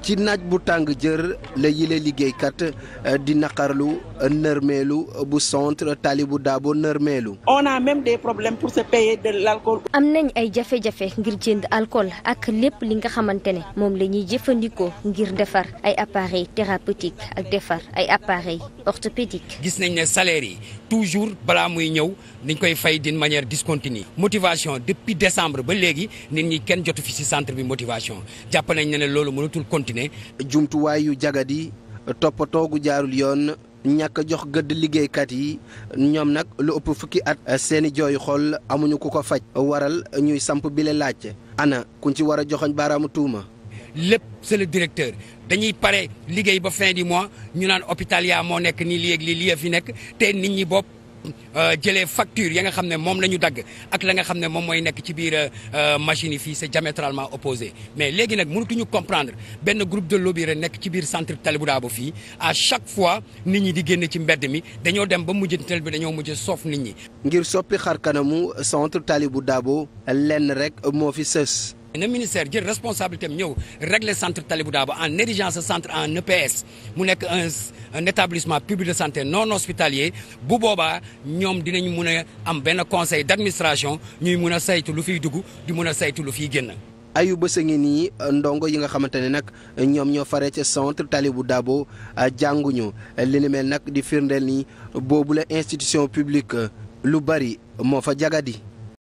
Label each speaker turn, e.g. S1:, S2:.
S1: ci naaj bu tàng jër la yile liggéeykat euh, di naqarlu nërmeelu bu centre Talibou Dabo nërmeelu. on a même des problème pour se payer de l'alcool.
S2: am nañ ay jafe-jafe ngir jënd alcool ak lépp li nga xamante ne moom la ñuy jëfandikoo ngir defar ay appareils thérapeutiques ak defar ay appareils orthopédiques.
S3: gis nañ ne salaire yi toujours balaa muy ñëw dañ koy fay d'une manière discontinue motivation depuis décembre ba léegi nit ñi kenn jotu fi ci centre bi motivation jàpp nañ ne loolu mënatul continuer.
S1: jumtuwaay yu jagadi toppatoo gu jaarul yoon ñàkk a jox gëdd liggéeykat yi ñoom nag lu ëpp fukki at. seeni jooyu xol amuñu ku ko faj. waral ñuy samp bi bile laaj. ana kuñ ci war a joxoñ baaraamu tuuma.
S3: lépp c'est le directeur dañuy pare liggéey ba fin du mois ñu naan hôpital yaa moo nekk nii léegi lii lii fi nekk te nit ñi bopp. Euh, jële facture ya nga xam ne moom la ñu dagg ak la nga xam ne moom mooy nekk ci biir euh, machine yi fii c'est diamétralement opposé mais léegi nag mënatuñu comprendre benn groupe de lobby rek nekk ci biir centre Talibou Dabo fii à chaque fois nit ñi di génn ci mbedd mi dañoo dem ba mujj ntele bi dañoo mujj soof nit ñi.
S1: ngir soppi xar kanamu centre Talibou daabo lenn rek moo fi sës.
S3: na ministère jël responsabilité am ñëw régler centre Talibou Dabo en érigeant ce centre en EPS mu nekk un un établissement public de santé non hospitalier bu boobaa ñoom dinañ mun a am benn conseil d'administration ñuy mun a saytu lu fiy dugg di mun a saytu lu fiy génn.
S1: ayu bés a nii ndongo yi nga xamante ne nag ñoom ñoo fare ca centre Talibou Dabo jànguñu li ni mel nag di
S2: firndeel nii boobu la institution publique lu bari moo fa jagadi.